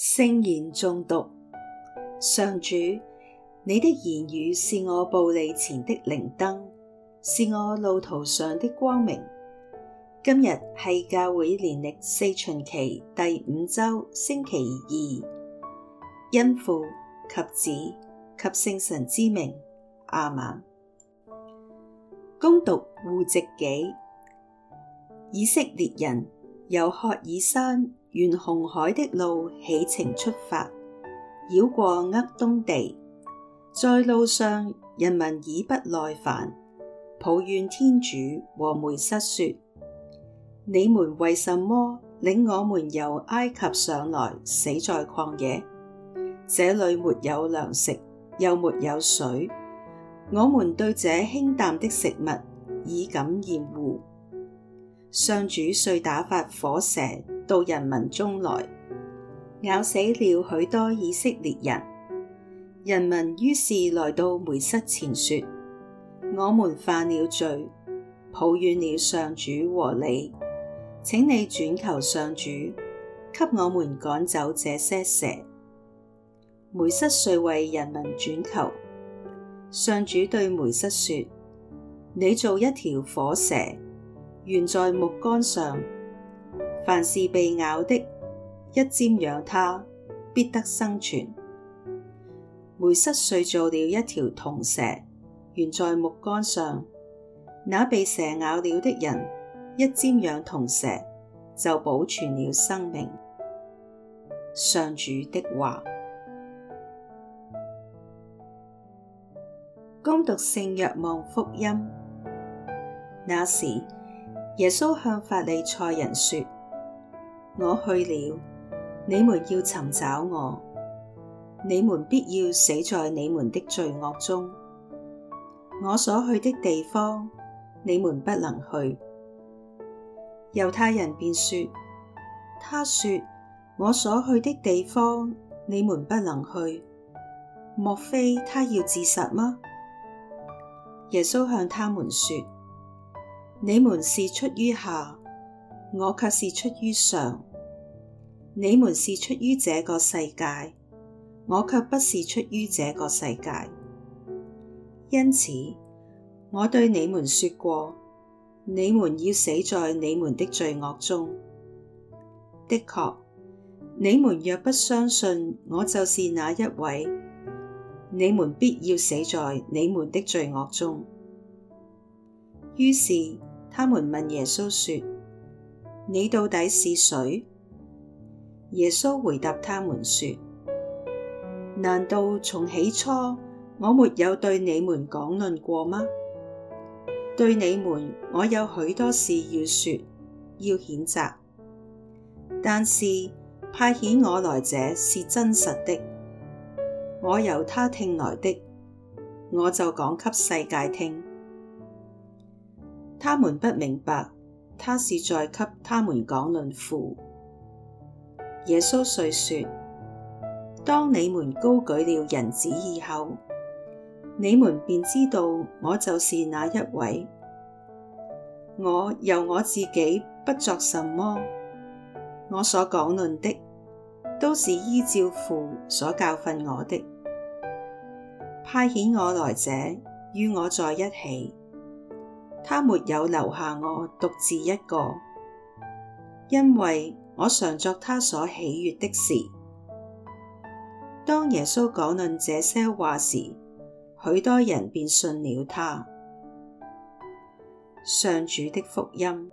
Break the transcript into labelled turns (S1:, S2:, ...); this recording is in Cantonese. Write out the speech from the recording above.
S1: 聖言誦讀，上主，你的言語是我步履前的靈燈，是我路途上的光明。今日係教會年曆四旬期第五周星期二，因父及子及聖神之名，阿們。恭讀戶籍紀，以色列人由曷爾山。沿紅海的路起程出發，繞過厄東地，在路上人民已不耐煩，抱怨天主和梅瑟說：你們為什麼領我們由埃及上來，死在曠野？這裏沒有糧食，又沒有水，我們對這輕淡的食物已感厭惡。上主遂打發火蛇。到人民中來，咬死了許多以色列人。人民於是來到梅瑟前說：我們犯了罪，抱怨了上主和你，請你轉求上主，給我們趕走這些蛇。梅瑟遂為人民轉求，上主對梅瑟說：你做一條火蛇，懸在木竿上。凡是被咬的，一瞻仰它，必得生存。梅瑟遂做了一條銅蛇，懸在木竿上。那被蛇咬了的人，一瞻仰銅蛇，就保存了生命。上主的話。恭讀聖若望福音。那時，耶穌向法利賽人說。我去了，你們要尋找我，你們必要死在你們的罪惡中。我所去的地方，你們不能去。猶太人便說：他說我所去的地方，你們不能去。莫非他要自殺嗎？耶穌向他們說：你們是出於下，我卻是出於上。你們是出於這個世界，我卻不是出於這個世界。因此，我對你們說過，你們要死在你們的罪惡中。的確，你們若不相信我就是那一位，你們必要死在你們的罪惡中。於是，他們問耶穌說：你到底是誰？耶穌回答他們說：難道從起初我沒有對你們講論過嗎？對你們，我有許多事要說，要譴責。但是派遣我來者是真實的，我由他聽來的，我就講給世界聽。他們不明白，他是在給他們講論父。耶穌遂說：當你們高舉了人子以後，你們便知道我就是那一位。我由我自己不作什麼，我所講論的都是依照父所教訓我的。派遣我來者與我在一起，他沒有留下我獨自一個，因為我常作他所喜悅的事。當耶穌講論這些話時，許多人便信了他。上主的福音。